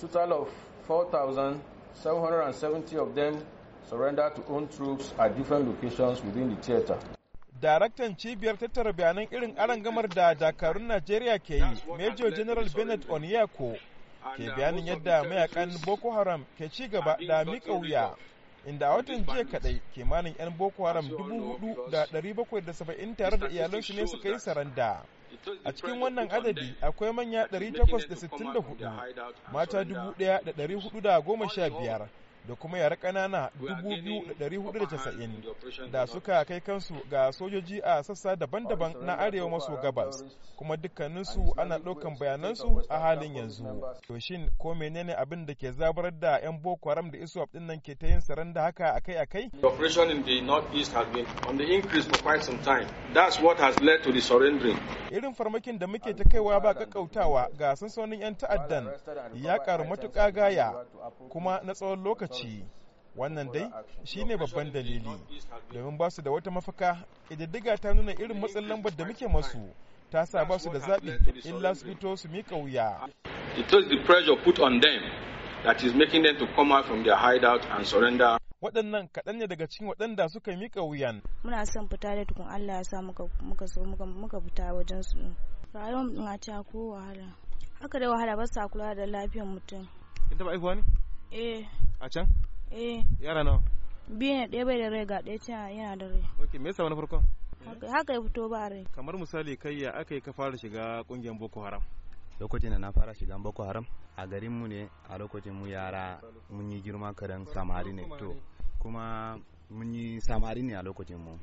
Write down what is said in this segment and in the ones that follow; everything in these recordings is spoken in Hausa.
Total of 4,770 of them surrendered to own troops at different locations within the theater. Daraktan cibiyar tattara bayanan irin arangamar da dakarun Najeriya ke yi, Major General Bennett Onyeko ke bayanin yadda mayakan Boko Haram ke ci gaba da miƙa wuya. inda watan jiya kadai kimanin 'yan boko haram 4,770 tare da iyalansu ne suka yi saranda A cikin wannan adadi akwai manya 864, mata 1,415 da kuma yara ƙanana 2,490 da suka kai kansu ga sojoji a sassa daban-daban na arewa maso gabas kuma dukkaninsu ana ɗaukan bayanansu a halin yanzu. toshin ko menene abin da ke zabar da 'yan Boko Haram da iso din nan ke ta yin tsaron da haka akai-akai? The operation in Irin farmakin da muke ta kaiwa ba kakkautawa ga sansanin 'yan ta'addan ya karu matuƙa gaya kuma na tsawon lokaci ci wannan dai shine babban dalili domin ba su da wata mafaka ƙididdiga ta nuna irin matsin lambar da muke masu ta sa ba su da zaɓi illa su fito su miƙa wuya the pressure put on them that is making them to come out from their hideout and surrender waɗannan kaɗan ne daga cikin waɗanda suka miƙa wuyan muna son fita da tukun Allah ya sa muka so muka fita wajen su rayuwar mu a ta ko wahala haka da wahala ba sa kula da lafiyar mutum ita ba aihuwa ne eh a can eh yara nawa biyu ne ɗaya bai da rai ga ɗaya can yana da rai ok me yasa wani farkon haka ya fito ba rai kamar misali kai ya aka yi ka fara shiga ƙungiyar boko haram lokacin da na fara shiga boko haram a garin mu ne a lokacin mu yara mun yi girma karan samari ne to kuma mun yi samari ne a lokacin mu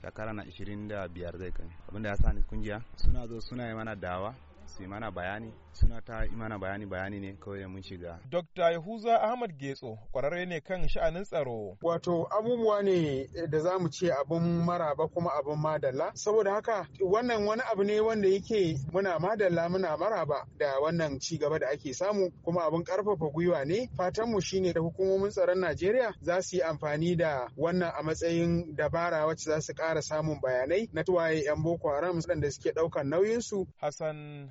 shekara na 25 zai kai abinda ya sa ni kungiya suna zo suna yi mana dawa su mana bayani suna ta imana bayani bayani ne kawai mun shiga. Dr. Yahuza Ahmad Getso kwararre ne kan sha'anin tsaro. Wato abubuwa ne da za mu ce abin maraba kuma abin madalla saboda haka wannan wani abu ne wanda yake muna madalla muna maraba da wannan ci gaba da ake samu kuma abin karfafa gwiwa ne fatan mu shine da hukumomin tsaron Najeriya za su yi amfani da wannan a matsayin dabara wacce za su kara samun bayanai na tuwaye 'yan Boko Haram waɗanda suke ɗaukar nauyinsu. Hassan